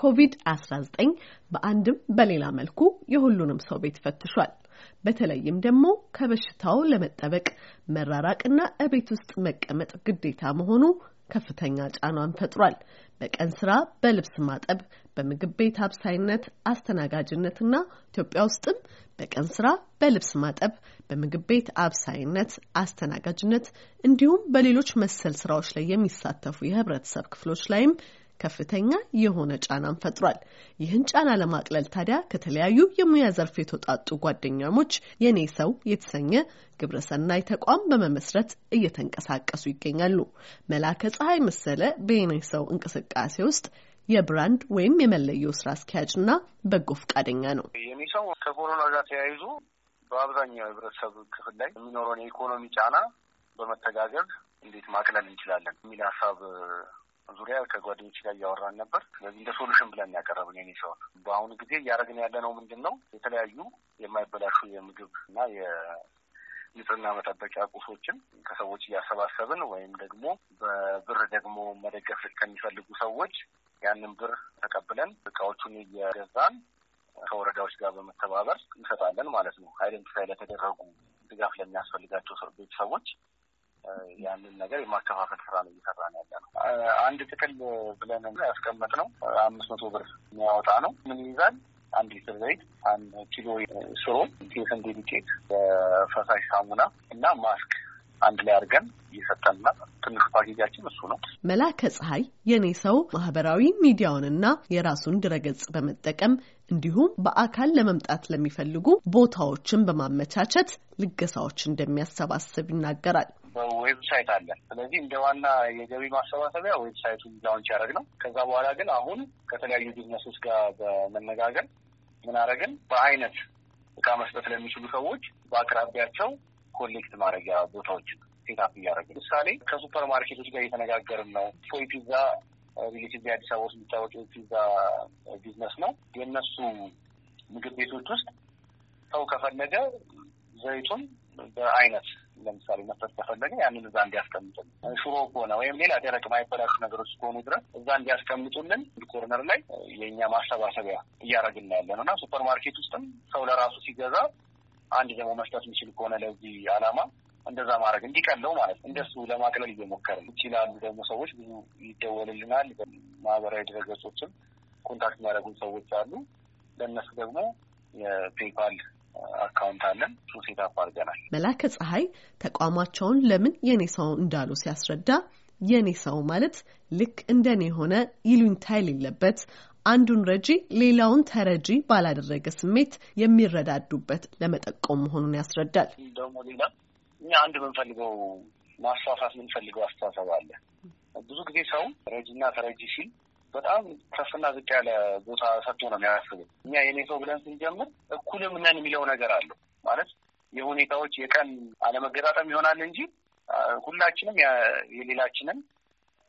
ኮቪድ-19 በአንድም በሌላ መልኩ የሁሉንም ሰው ቤት ፈትሿል። በተለይም ደግሞ ከበሽታው ለመጠበቅ መራራቅና እቤት ውስጥ መቀመጥ ግዴታ መሆኑ ከፍተኛ ጫናን ፈጥሯል። በቀን ስራ፣ በልብስ ማጠብ፣ በምግብ ቤት አብሳይነት፣ አስተናጋጅነትና ኢትዮጵያ ውስጥም በቀን ስራ፣ በልብስ ማጠብ፣ በምግብ ቤት አብሳይነት፣ አስተናጋጅነት እንዲሁም በሌሎች መሰል ስራዎች ላይ የሚሳተፉ የህብረተሰብ ክፍሎች ላይም ከፍተኛ የሆነ ጫናን ፈጥሯል። ይህን ጫና ለማቅለል ታዲያ ከተለያዩ የሙያ ዘርፍ የተውጣጡ ጓደኛሞች የኔ ሰው የተሰኘ ግብረሰናይ ተቋም በመመስረት እየተንቀሳቀሱ ይገኛሉ። መላከ ፀሐይ መሰለ በየኔ ሰው እንቅስቃሴ ውስጥ የብራንድ ወይም የመለየው ስራ አስኪያጅ በጎ ፈቃደኛ ነው። የኔ ሰው ከኮሮና ጋር ተያይዞ በአብዛኛው ህብረተሰብ ክፍል ላይ የሚኖረውን የኢኮኖሚ ጫና በመተጋገዝ እንዴት ማቅለል እንችላለን የሚል ሀሳብ ዙሪያ ከጓደኞች ጋር እያወራን ነበር። ስለዚህ እንደ ሶሉሽን ብለን ያቀረብን የኔ ሰውን በአሁኑ ጊዜ እያደረግን ያለ ነው ምንድን ነው የተለያዩ የማይበላሹ የምግብ እና የንጽህና መጠበቂያ ቁሶችን ከሰዎች እያሰባሰብን ወይም ደግሞ በብር ደግሞ መደገፍ ከሚፈልጉ ሰዎች ያንን ብር ተቀብለን እቃዎቹን እየገዛን ከወረዳዎች ጋር በመተባበር እንሰጣለን ማለት ነው። አይደንቲፋይ ለተደረጉ ድጋፍ ለሚያስፈልጋቸው ቤተሰቦች ያንን ነገር የማከፋፈል ስራ ነው እየሰራ ነው ያለ ነው። አንድ ጥቅል ብለን ያስቀመጥ ነው አምስት መቶ ብር የሚያወጣ ነው። ምን ይይዛል? አንድ ሊትር ዘይት፣ አንድ ኪሎ ሽሮ፣ የስንዴ ዱቄት፣ ፈሳሽ ሳሙና እና ማስክ አንድ ላይ አድርገን እየሰጠንና ትንሹ ፓኬጃችን እሱ ነው። መላከ ፀሐይ የኔ ሰው ማህበራዊ ሚዲያውንና የራሱን ድረገጽ በመጠቀም እንዲሁም በአካል ለመምጣት ለሚፈልጉ ቦታዎችን በማመቻቸት ልገሳዎች እንደሚያሰባስብ ይናገራል። በዌብሳይት አለ። ስለዚህ እንደ ዋና የገቢ ማሰባሰቢያ ዌብሳይቱን ላውንች ነው። ከዛ በኋላ ግን አሁን ከተለያዩ ቢዝነሶች ጋር በመነጋገር ምን በአይነት እቃ መስጠት ለሚችሉ ሰዎች በአቅራቢያቸው ኮሌክት ማድረጊያ ቦታዎችን ሴታፕ እያደረግን፣ ምሳሌ ከሱፐር ማርኬቶች ጋር እየተነጋገርን ነው። ፎይ ፒዛ ሪሌቲቭ አዲስ አበባ ውስጥ የሚታወቅ ፒዛ ቢዝነስ ነው። የእነሱ ምግብ ቤቶች ውስጥ ሰው ከፈለገ ዘይቱን በአይነት ለምሳሌ መስጠት ከፈለገ ያንን እዛ እንዲያስቀምጡልን፣ ሽሮ ከሆነ ወይም ሌላ ደረቅ ማይበላሹ ነገሮች ከሆኑ ድረስ እዛ እንዲያስቀምጡልን ኮርነር ላይ የእኛ ማሰባሰቢያ እያደረግን ያለ ነው እና ሱፐር ማርኬት ውስጥም ሰው ለራሱ ሲገዛ አንድ ደግሞ መስጠት የሚችል ከሆነ ለዚህ አላማ እንደዛ ማድረግ እንዲቀለው ማለት ነው። እንደሱ ለማቅለል እየሞከረ ይችላሉ። ደግሞ ሰዎች ብዙ ይደወልልናል። ማህበራዊ ድረገጾችም ኮንታክት የሚያደረጉን ሰዎች አሉ። ለእነሱ ደግሞ የፔፓል አካውንት አለን። እሱ ሴታፕ አድርገናል። መላከ ፀሐይ ተቋማቸውን ለምን የኔ ሰው እንዳሉ ሲያስረዳ የኔ ሰው ማለት ልክ እንደ እኔ የሆነ ይሉኝታ የሌለበት አንዱን ረጂ ሌላውን ተረጂ ባላደረገ ስሜት የሚረዳዱበት ለመጠቆም መሆኑን ያስረዳል። ደግሞ ሌላ እኛ አንድ የምንፈልገው ማስፋፋት የምንፈልገው አስተሳሰብ አለ። ብዙ ጊዜ ሰው ረጂና ተረጂ ሲል በጣም ከፍና ዝቅ ያለ ቦታ ሰጥቶ ነው የሚያስበው። እኛ የኔ ሰው ብለን ስንጀምር እኩልም ነን የሚለው ነገር አለው ማለት የሁኔታዎች የቀን አለመገጣጠም ይሆናል እንጂ ሁላችንም የሌላችንን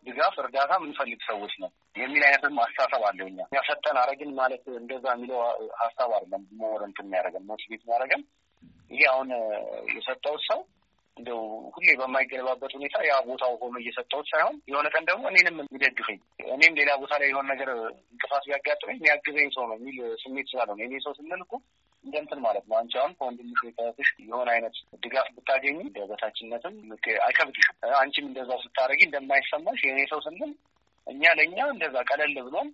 ድጋፍ እርዳታ የምንፈልግ ሰዎች ነው የሚል አይነትም አስተሳሰብ አለው። እኛ ያፈጠን አረግን ማለት እንደዛ የሚለው ሀሳብ አይደለም። ሞረንት የሚያደረገን ሞቲቬት የሚያደረገን ይሄ አሁን የሰጠውት ሰው እንደው ሁሌ በማይገለባበት ሁኔታ ያ ቦታው ሆኖ እየሰጠሁት ሳይሆን የሆነ ቀን ደግሞ እኔንም የሚደግፈኝ እኔም ሌላ ቦታ ላይ የሆነ ነገር እንቅፋት ቢያጋጥመኝ የሚያግዘኝ ሰው ነው የሚል ስሜት ስላለ ነው። እኔ ሰው ስንልኩ እኮ እንደ እንትን ማለት ነው። አንቺ አሁን ከወንድምሽ ወይ ከእህትሽ የሆነ አይነት ድጋፍ ብታገኝ በበታችነትም በታችነትም አይከብድሽም። አንቺም እንደዛው ስታደርጊ እንደማይሰማሽ የእኔ ሰው ስንል እኛ ለእኛ እንደዛ ቀለል ብሎን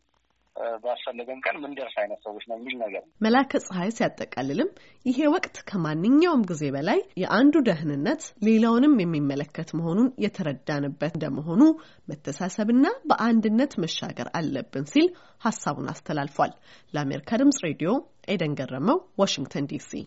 ባስፈለገን ቀን ምንደርስ አይነት ሰዎች ነው የሚል ነገር ነው። መላከ ፀሐይ ሲያጠቃልልም ይሄ ወቅት ከማንኛውም ጊዜ በላይ የአንዱ ደህንነት ሌላውንም የሚመለከት መሆኑን የተረዳንበት እንደመሆኑ መተሳሰብና በአንድነት መሻገር አለብን ሲል ሀሳቡን አስተላልፏል። ለአሜሪካ ድምጽ ሬዲዮ ኤደን ገረመው፣ ዋሽንግተን ዲሲ